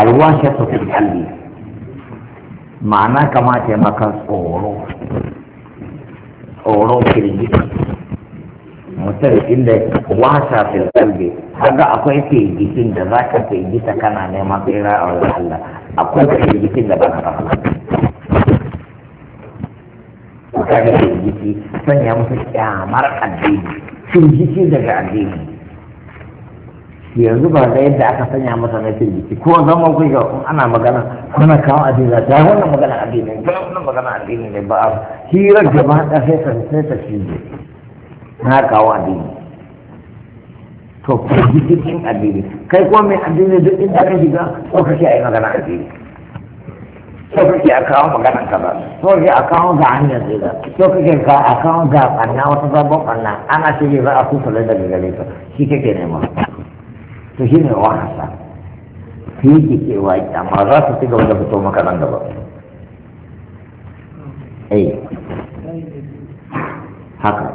alwasha ta fi kalli ma'ana kamata ya maka tsoro tsoro firgita mutum inda wasa fi kalli kaga akwai firgitin da za ka firgita kana neman tsira a wajen Allah akwai firgitin da ba na ka kaga firgiti sanya musu kyamar addini firgiti daga addini yanzu ba da yadda aka sanya masa na ce jiki ko zama ku ga ana magana kuna kawo addini ta wannan magana addini ta wannan magana addini ne ba a hirar gaba da sai ta sai ta shige na kawo addini to ku jikin addini kai ko mai addini duk inda ka shiga ko kake yi magana addini ko kake a kawo magana ka ba ko kake a kawo ga hanyar zai da ko kake ka a kawo ga ɓanna wata sabon ɓanna ana shirya za a kusa daga gare ka shi kake nema to shi ne wasa fi ki cewa amma za su ci gaba da fito maka nan gaba eh haka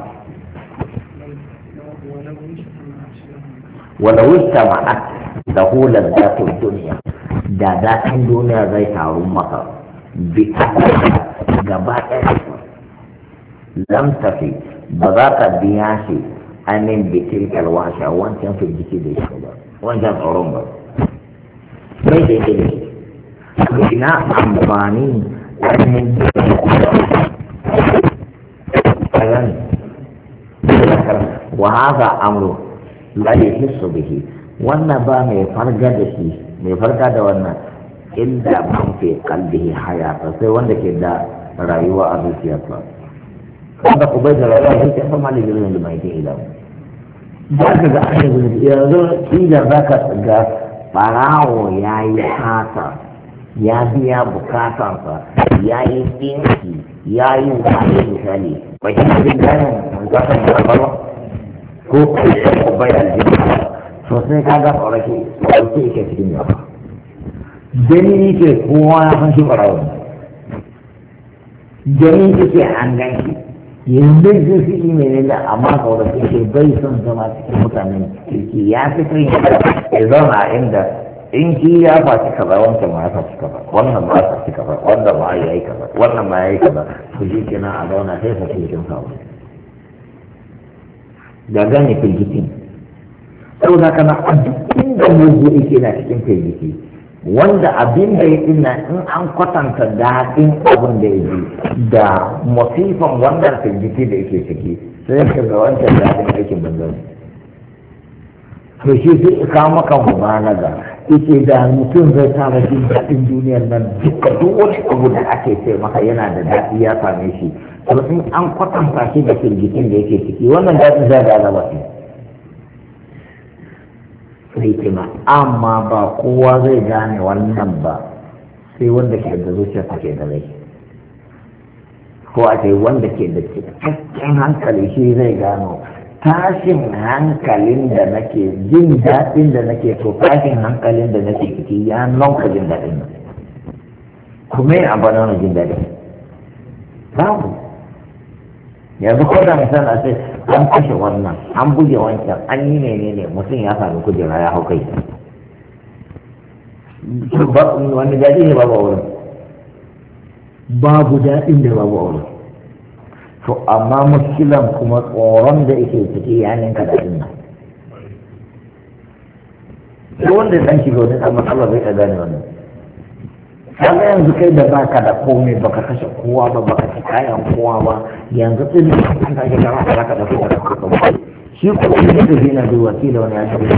walau sama'at da hular ta duniya da zafin duniya zai taru maka bi gaba ɗaya lam tafi ba za ka biya shi anin bikin kalwasha wancan jiki da shi ba wancan tsoron ba bai da yake da shi ina amfani ainihin kayan wa haka amru la yahissu bihi wannan ba mai farga da shi mai farga da wannan inda man fi qalbihi hayata sai wanda ke da rayuwa a zuciyarsa wanda ku bai da rayuwa a zuciyarsa ma ne da mai ke ilamu ba ka ga an yanzu yanzu kila za ka ga farawo ya yi hata ya biya bukatarsa ya yi tsinki ya yi wani misali ba shi ne ganin za ka ga ba ko kuma ba ya ji sosai ka ga tsoraki tsoraki yake cikin gaba gani ke kowa ya san shi farawo gani ke an gan yanzu zai fi imani da amma sauran ke bai son zama cikin mutanen kirki ya fi son ya zauna inda in ki ya faci kaza wancan ma ya faci kaza wannan ma ya faci kaza wannan ma ya yi kaza wannan ma ya yi kaza ku ji kenan a zauna sai fa kirkin sawa da gane firgitin na kana a duk inda mu zo yake na cikin firgiti wanda abin da ya ina in an kwatanta daɗin abin da ya ji da masifan wannan firgiti da yake ciki sai ka ga wancan daɗin aikin banzan to shi sai ka maka ga ita da mutum zai saba jin daɗin duniyar nan duka duk wani abu da ake ce maka yana da daɗi ya same shi to in an kwatanta shi da firgitin da yake ciki wannan daɗin zai alamar ne hikima amma ba kowa zai gane wannan ba sai wanda ke da zuciya ke da laifi? ko a ce wanda ke da cikakken hankali shi zai gano tashin hankalin da nake jin daɗin da nake to tashin hankalin da nake ciki ya nauka jin daɗin kuma a abana wani jin daɗin babu yanzu ko da mutum a ce an kashe wannan an buge wancan an yi ne mutum ya sami kujera ya hau kai wani daɗi ne babu wurin babu daɗin da babu wurin to amma muskilan kuma tsoron da yake ciki ya ninka daɗin nan ko wanda ya shiga wani a matsala zai ɗaga ne wannan kaga yanzu kai da baka da komai baka kashe kowa ba baka ci kayan kowa ba yanzu tsin an sake kama ka da dauke da ka ba shi ko shi da zina da wakila wani ya tafi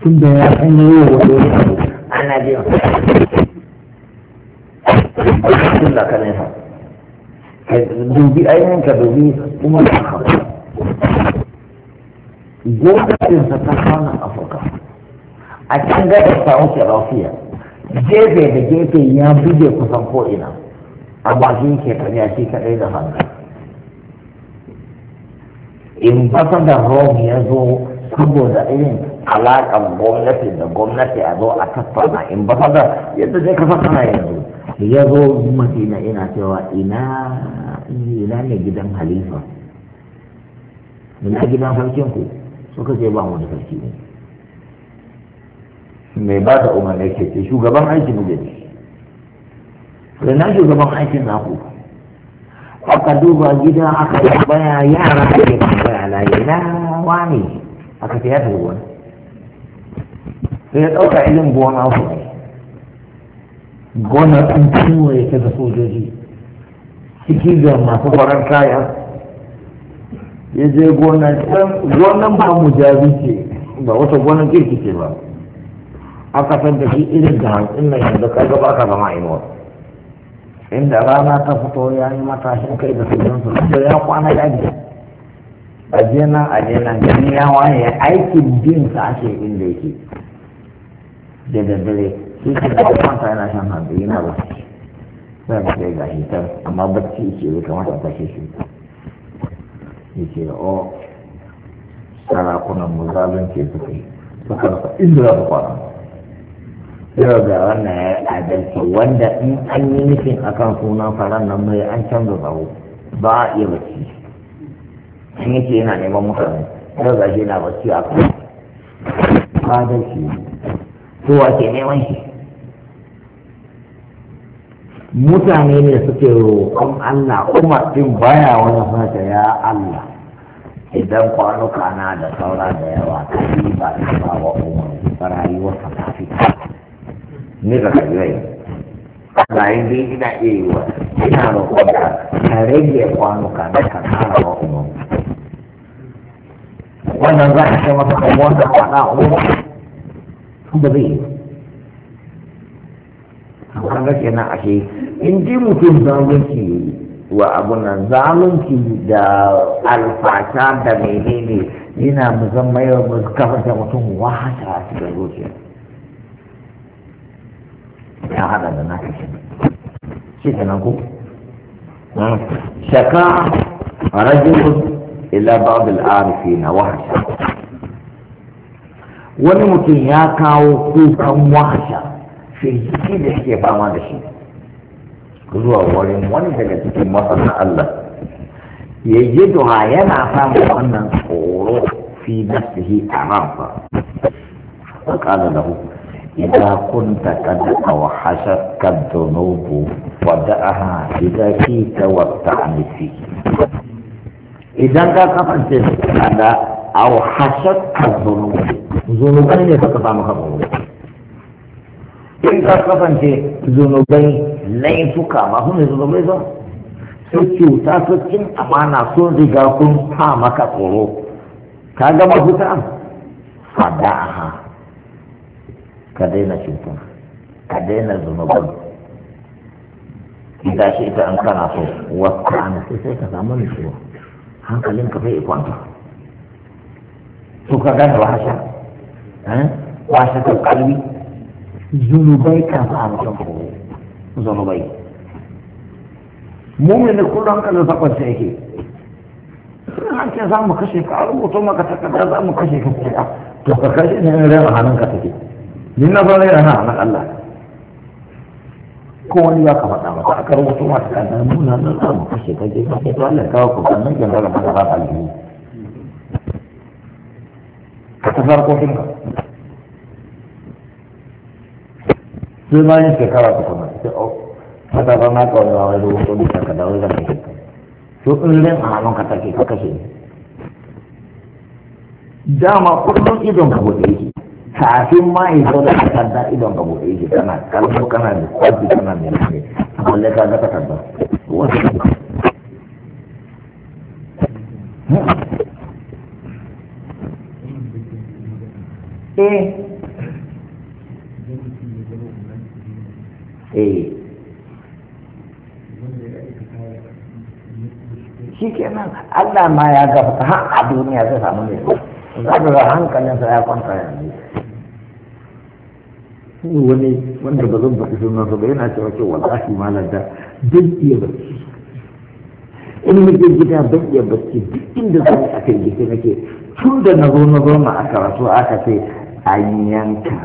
tun da ya san yayi wa wani abu ana biya Allah ka ne fa dubi ainihin ka dubi kuma da haka gwamnatin ta ta kwana afirka a can gada samun lafiya. gefe da gefe ya buge kusan ko'ina a bakin ke karya shi kaɗai da hannu in fasa da rom ya zo saboda irin alaƙar gwamnati da gwamnati a zo a tattauna in ba da yadda zai kafa kana yanzu ya zo madina ina cewa ina ina ne gidan halifa ina gidan sarkin ku suka ce ba mu da sarki ne mai ba da umarni ke ce shugaban aiki mu da na ji shugaban aikin naku aka duba gida aka baya yara a ake tambaya na yana wani aka ce ya tafi wani sai ya ɗauka ilin gona su ne gona sun ciwo ya ke da sojoji ciki da masu farar kaya ya je gona can gonan ba mu jabi ce ba wata gonan kirki ce ba aka san da shi irin da hantsin nan yanzu kai ba ka zama inuwa inda rana ta fito ya yi matashin kai da sojin su ya kwana ya ji a jena a jena gani ya waye aikin bin sa ake inda yake da daddare shi ke da ta yana shan hanzu yana ba sai ba sai ga hitar amma bacci ce ya kamata ta shi shi ya da o oh, sarakunan mu zalunce suka yi suka rasa inda za su kwana yau ga wannan ya yi adalci wanda in an yi nufin akan sunan faran nan mai an canza tsawo ba a iya bacci in ce yana neman mutane yau ga shi yana bacci a kan adalci kowa ke neman shi mutane ne suke roƙon Allah kuma din baya wani fata ya Allah idan kwanuka na da saura da yawa ka yi ba da ba wa ba rayuwar ta ta ni ka kajirai bayan dai ina iya yi wa ina roƙonka ka rage kwanuka na ka kara wa umar wannan za ka kai masa kan wanda kwana a umar ba zai yi kan ga kenan ashe in ji mutum zalunci wa abu nan zalunci da alfasha da menene yana musamman yau da mutum wata a cikin zuciya تعالى شكا رجل الى بعض العارفين وحشا ونمتن ياكاو كوكا وحشا في كل شيء فما نشي كذوا ورين وني في مصر الله يجدها ينا فام وانا في نفسه اعرافا فقال له إذا كنت قد أوحشتك الذنوب ودعها إذا فيك والطعن فيه إذا كفنت قد أوحشتك الذنوب ذنوبين يتقطع مخبرون in ka kasance zunubai laifuka ba su ne zunubai ba su cuta su amana sun riga kun ha maka tsoro ka gama mafuta fadaha ka daina cuta ka daina zunuban ita shi ita an kana so wasu ana sai sai ka samu nutsuwa hankalin ka bai kwanta su ka gane wahasha eh? wahasha ta kalbi zunubai ka sa mutum ko zunubai mumini kullum kan sa kwanta yake sun hankin za mu kashe ka a rubuto maka takardar za mu kashe ka kuka to ka kashe ne ran hannun ka take ni na zo yana na nan Allah ko wani ba ka faɗa ba ko aka rubuto masu kana nuna nan za mu kashe ta kaje ta to Allah kawo ku kan nan gaba da fara ba aljihu ka ta farko kin ka sai ma yin shekara ta kuma sai o oh, fata ba na kawai ba wai rubuto da ka zan da kai to in ran a hannun ka take ka kashe dama kullum idon ka bude yake kafin ma in zo da takarda ka buɗe yake kana kalmo kana da kwaji kana da nake balle ka ga takarda wasu eh eh shi kenan Allah ma ya gafata har a duniya zai samu ne za ga hankalinsa ya kwanta yanzu sai wani wanda ba zan baki sunan ba yana cewa ce wallahi malam da zan iya barci. in nake gida ban iya barci duk inda za a kan gida nake tun da na zo na zo ma aka rasu aka ce an yanka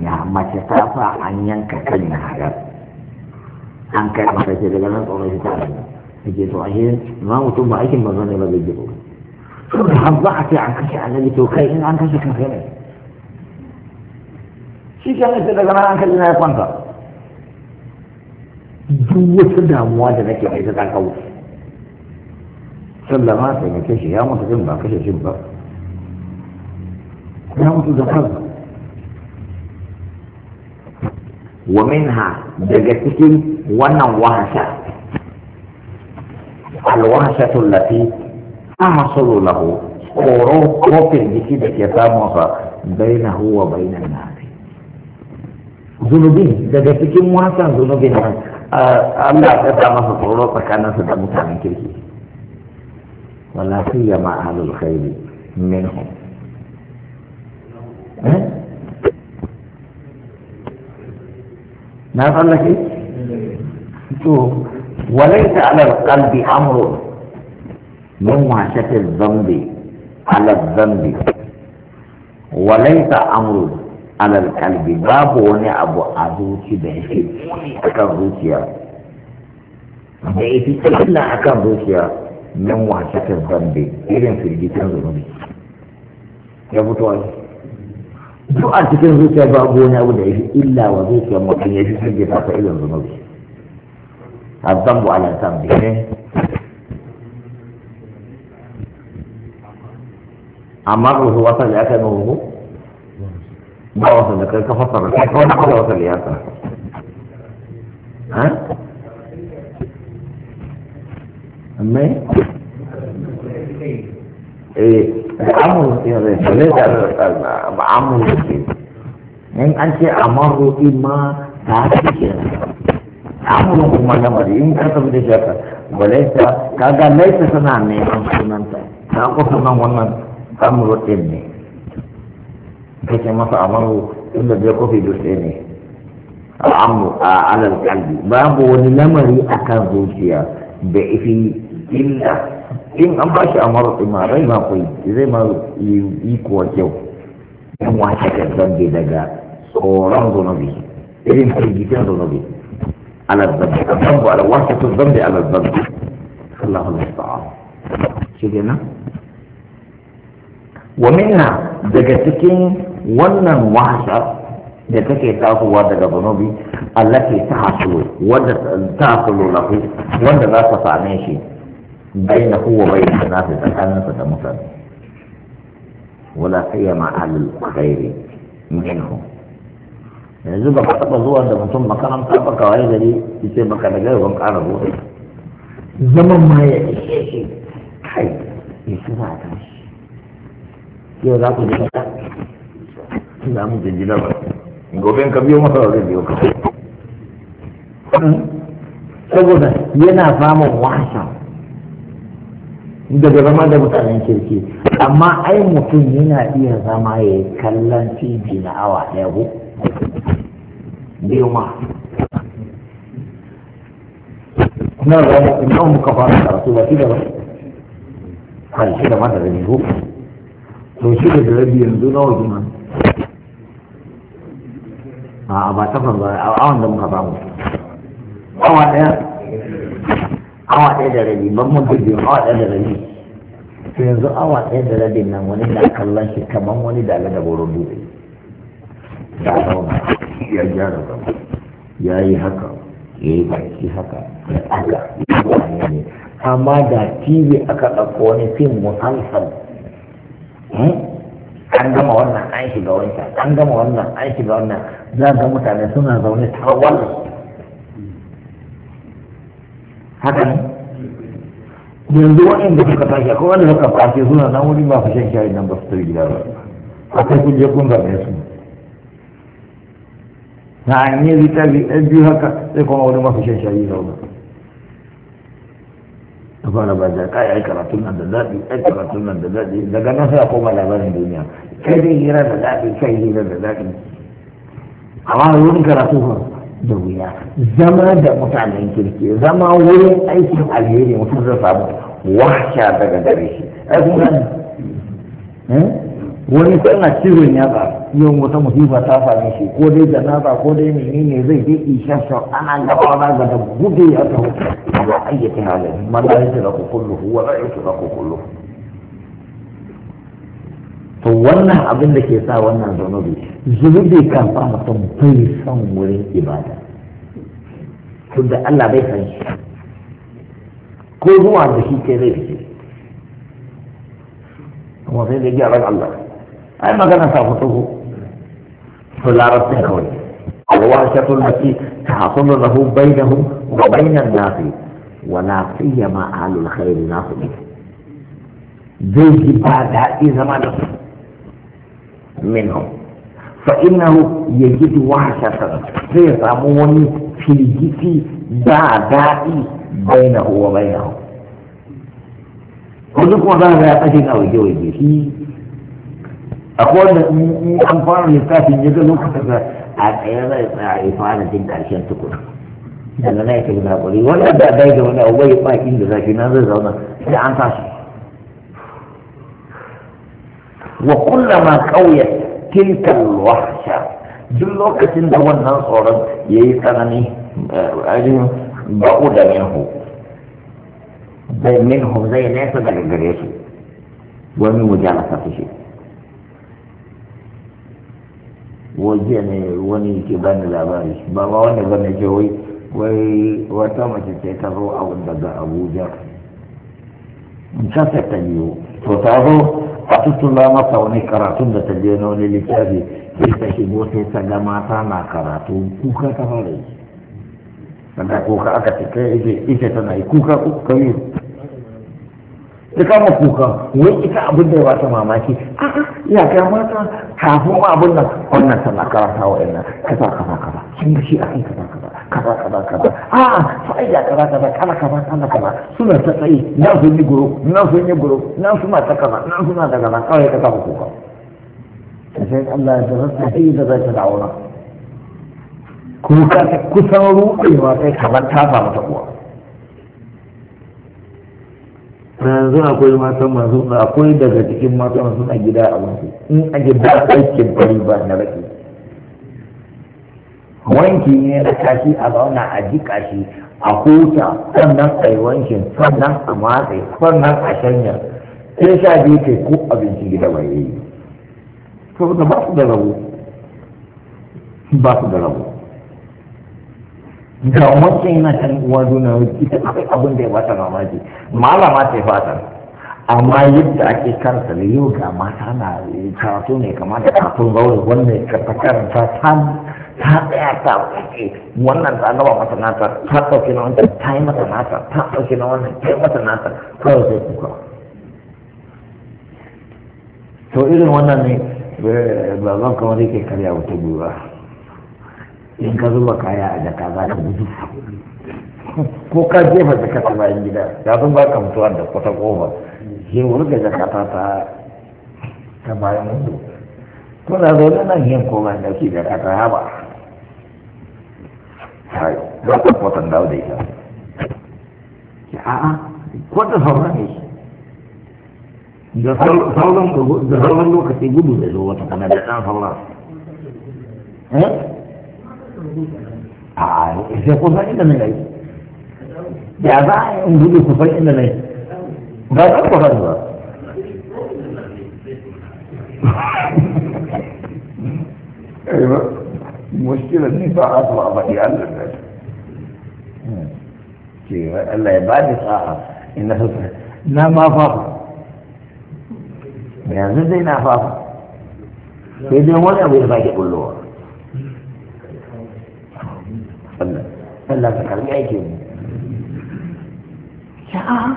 ya mace ta fa an yanka ya haɗa an kai mata ce daga nan tsoron shi ta rasu nake to ashe ma mutum ba aikin ba zane ba zai ji ba. Saboda har za a ce an kashe to kai in an kashe kan kai ne. shi ke sai daga nan hankali na ya kwanta duk wata damuwa da nake mai ta kawo sallama sai mai kashe ya mutu din ba kashe shi ba ya mutu da kansa wa minha daga cikin wannan wahasha alwahashatu allati ahsulu lahu tsoro kofin jiki da ke samunsa bainahu wa bainan nas zunubin daga cikin wasan zunubin nan Allah ya sa masa tsoro tsakaninsu da mutanen kirki wala ya ma ahlul khairi minhum eh? na tsallake to وليس على القلب أمر من وحشة الذنب على الذنب وليس أمر alal kalbi babu wani abu a zuci da yake akan zuciya da yake illa akan zuciya nan wasatar zambe irin firgitin zunubi ya fito wani duk a cikin zuciya babu wani abu da yake illa wa zuciya mutum ya fi firgita ta irin zunubi الذنب على الذنب أمره وصل أكله ba wasu da kai ka fassara kai kawai na kwada wasu liyasa ha amma eh amur ya zai tsare da ba amur ke in an ce amar roƙi ma ta fi ke amurin kuma na bari in ka tafi da shaka balaita kaga laita tana neman sunanta ta kusa nan wannan amur roƙin ne kake masa amaru inda zai kofi dutse ne al'amu a alal kalbi babu wani lamari kan zuciya da ifi illa in an bashi a amaru ɗin ma rai ma kwai zai ma yi kuwa kyau yan wace ka zambe daga tsoron zunubi irin firgitin zunubi alal zambi a zambi alal wata ta zambi alal zambi Allah Allah ta'ala shi kenan wa minna daga cikin wannan wasa da take tasowa daga Allah ke ta tahsulu wanda ta tahsulu lahu wanda za ta same shi baina huwa na fi tsakaninsa da mutane wala siyama al ghairi minhu yanzu ba ka taba zuwa da mutum makaranta ba ka waye gari yace maka da gaiwan ƙara zuwa zaman ma ya ishe shi kai ya shi za a tashi yau za ku ji ina mu jinjina ba gobe ka biyo masa zai biyo ka hmm? saboda yana samun wasa daga zama da mutanen kirki amma ai mutum yana iya zama ya kallon tv na awa ɗaya ko biyu ma na zama ina muka fara karatu ba shi da ba kan shi da ma da zai to shi da rabi yanzu nawa kuma a ba takwas ba a awon da muka samu awa ɗaya awa ɗaya da rabi ban mun biyu awa ɗaya da rabi to yanzu awa ɗaya da rabi nan wani da kallon shi kamar wani da da boron dutse da zauna ya gyara zama ya yi haka ya yi baki haka ya ne. amma da tv aka ɗauko wani fim musamman Hmm? an gama wannan an shiga wancan an gama wannan an shiga wannan za ga mutane suna zaune tare wannan haka ne yanzu waɗanda suka tashi akwai wanda suka kwace suna nan wuri ba su shan shayi nan ba su tafi gida ba akwai kun je kun gane su na an yi rita biyu haka sai kuma wani masu shan shayi zaune fara ba da kai ai karatun nan da daɗi ai karatun nan da daɗi daga nan sai koma labarin duniya kai dai hira da daɗi kai hira da daɗi amma wurin karatu fa da wuya zama da mutanen kirki zama wurin aikin alheri mutum zai samu wahsha daga gare shi ai kun wani ko ina ya ba yau wata musiba ta same shi ko dai janaza ko dai menene zai je isha sha ana ga na ga da gudu ya ta hukunta ba ayyuka halin man la yake da ku kullu huwa la yake da ku kullu to wannan abin da ke sa wannan zanubi zanubi kan fa mutum bai son wurin ibada tunda Allah bai san shi ko zuwa da shi ke rai fice kuma sai da gyaran Allah أي ما كان تعطوه فلا رب تكون الواشة التي تحصل له بينهم وبين الناس ولا سيما أهل الخير الناس به بعد زمان منهم فإنه يجد وحشة في رمون في الجيس بعد بينه وبينه ولكن هذا يقتل أو يجوي أقول أنفار لفاتي جدا لوكتك أيضا إفعالة دينك عشان تكون أنا لا يتجمع أقولي ولا أبدأ بايدة ولا أولي بايك إنجل لكن أنا رزا أنا إلا عن تاشي وكلما قويت تلك الوحشة دلوكة دو النصر يتغني أجل بعود منه زي منهم زي ناس بل قريسي ومن مجالسة في شيء waje ne wani ke bani labari ba ma wani bane ke wai wai wata mace ce ta zo a daga abuja kasa ta biyu to ta zo a tutula masa wani karatun da ta je na wani littafi sai ta shigo sai ta ga mata na karatu kuka ta fara yi sanda kuka aka ce kai ita tana yi kuka kuka yi da kama kuka wai ita abin da ya bata mamaki a'a ya ga mata kafin ma abin nan wannan tana karanta wa ina kaza kaza kaza kin da shi akan kaza kaza kaza kaza kaza a'a ai ya kaza kaza kana kaza kana kaza suna ta tsaye na sun yi guro na sun yi guro na suna ta kaza na suna ta kaza kawai ka kama kuka sai Allah ya ta sai da zai ta da'ura kuka kusan ruɗewa kai kamar ta samu ta kuwa na yanzu akwai matan masu suna akwai daga cikin matan suna gida a wanki in a gida aikin bari ba na rake wanki ne a tashi a zauna a ji kashi a huta sannan a yi wankin sannan a matse sannan a shanya sai sha biyu kai ko abinci gida bai yi saboda ba su da rabo ba su da rabo da wacce yana kan uwa duna ita akwai abin da ya bata mamaki malama yi fatan amma yadda ake karanta da yau ga mata na eh, karatu ne kamar da karatun zaure wannan ta karanta ta ta tsaya ta kwace wannan ta gaba mata nata ta ɗauki na wancan ta yi mata nata ta ɗauki na wannan ta yi mata nata kawai sai kuka to irin wannan ne eh, ba zan kamar yake karya wata gura in ka zuba kaya a jaka za ka gudu ko ka jefa jaka ta bayan gida ya zan ba ka mutuwa da kwata kofa sai wurga jaka ta ta bayan mutu to na zo nan yin koma da ke jaka ta haba hai ba ka kwatan dawo da ita a'a kwata sauran ne da sauran lokaci gudu da zo wata kana da ɗan sauran eh? آه، إذا يقول فإن من يا باع أمدود الكفر إن من العيد بل مشكلة دي باع أطلع بقي على الناس ألا يبعد يتخاف إن فتح لا ما فاق يعني زي نافاق كده مو انا Allah Allah ka karbi aiki mu sha'a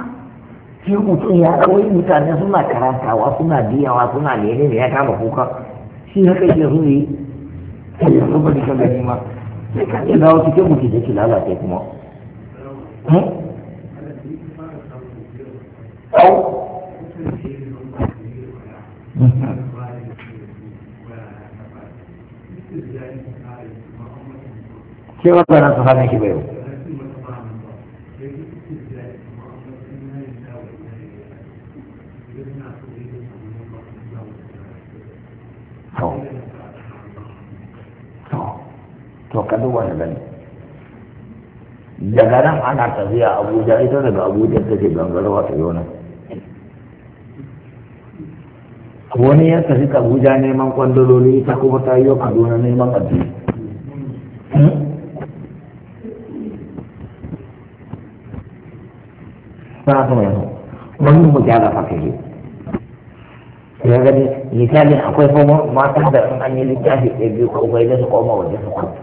sai mutum ya kawai mutane suna karantawa suna biyawa suna lere da ya kama kuka shi haka ke su sai ya zuba da kan gani ma sai ka dawo cikin mutum da ke kuma hmm? sai wata ran su same shi bai to ka duba da gani daga nan ana tafiya abuja ita daga abuja ta ce gangarwa ta yona wani ya tafi abuja neman kwandaloli ita kuma ta yi wa kaduna neman addini hmm? yanzu. فاهمه ومن مجالفته ya gani misalin akwai kuma matan da in an yi littafi ɗaya biyu ko bai da su koma waje su koma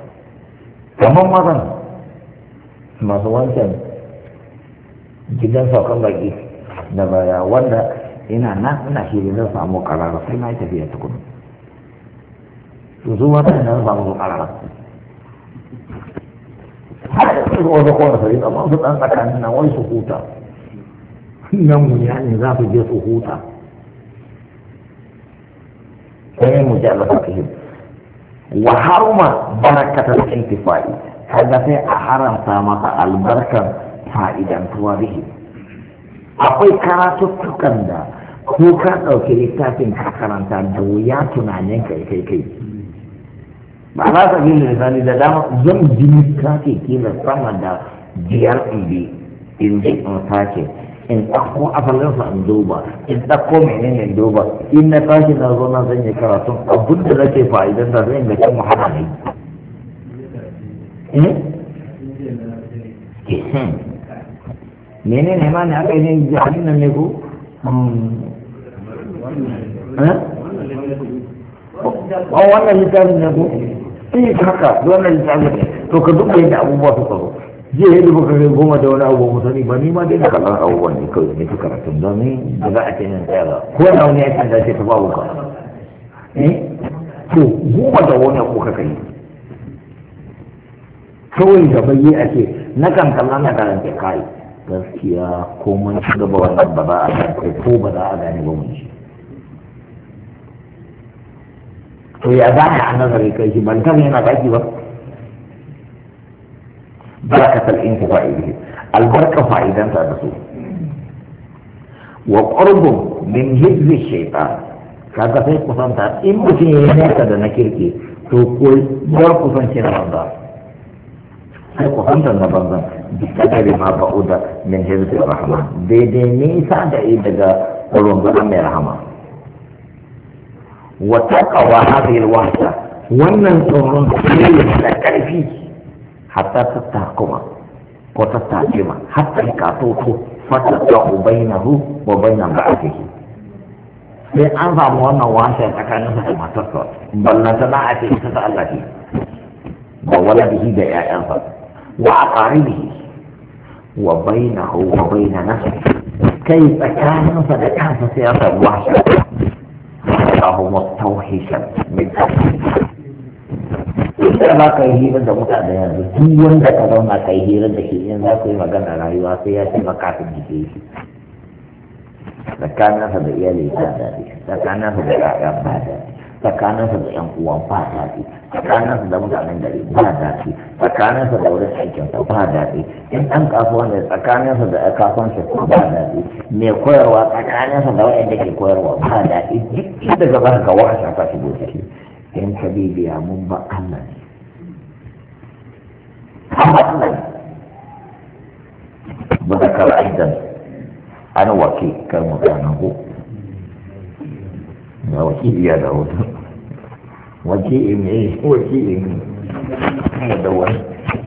kamar mazan masu wancan gidan saukan baki da baya wanda ina na ina shiri zan samu karara sai na yi tafiya tukuna su wata ina zan samu karara har yanzu wasu kowane sarari amma su ɗan tsakanin na wai su huta nan mu ya ne za su je su huta sai mu ji Allah Ta yi. wa haruma barakatul intifai kaga sai a haramta maka albarkan fa'idantuwa bihi akwai karatuttukan da ko ka ɗauki littafin ka karanta da wuya tunanin kai kai kai ba za ka yi misali da dama zan ji ke kila sama da biyar in bi in ji in sake in ɗauko asalinsa in duba in ɗauko menene in duba in na tashi na zo na zan yi karatun abin da nake fa'idan da zan ga cin wahala ne eh? eh, hmm. mene ne ma ne aka yi ne jahalin nan ne ko hmm. eh? oh, wannan littafin ne ko sai haka wannan littafin ne to ka duba yadda abubuwa suka zo jiya ya muka kai goma da wani abu musamman ba ni ma dai na kallon abubuwan ne kawai ne fi karatun domin da za a ce min tsaya ba ko na wani ya canza ce ta babu ka eh? to goma da wani abu ka kai kawai da bayi a ce na kan kallon na karanta kai gaskiya ko mun ci gaba wannan ba za a gane ko ba za a gane ba mun ci to ya za a nazari kai shi ban kan yana baki ba بركة الانتفاع به البركة فائدة انت الرسول وقرب من جذب الشيطان كذا في قصان تار ام بسي ينسى دنكيركي تقول جر قصان شين رمضان في قصان تار رمضان بكتب ما بعود من جذب الرحمة دي دي نيسا دعي بجا قلون بنا من وتقوى هذه الوحدة وانا انتظرون كل ما تكلفيه حتى تستحقما وتستحقما حتى يكاتوتو فتتع بينه وبين بعده في أنفع موانا واسع تكاين سحما تستوى بل نتبع أتيه ستألتي بولده بأي أنفع وأقاربه وبينه وبين نفسه كيف كان فلكان سياسة واسع فتاه مستوحشا من توحيد inda ma ka yi hira da mutane yanzu duk wanda ka zauna ka yi hira da shi in za ku yi magana rayuwa sai ya ce maka kafin jike shi sa da iyali ta daɗi sa da ƴaƴan ba daɗi sa da ƴan uwa ba daɗi sa da mutanen gari ba daɗi sa da wurin aikin sa ba daɗi in ɗan kasuwa ne sa da kasuwancin ba daɗi mai koyarwa sa da waɗanda ke koyarwa ba daɗi duk inda gaba ka wasa ka shigo ciki yan habibiya mun ba Allah ne Allah ba da kar aidan an wake kar mu gana ko ga wake ya da hoto wake ne wakili ne da wani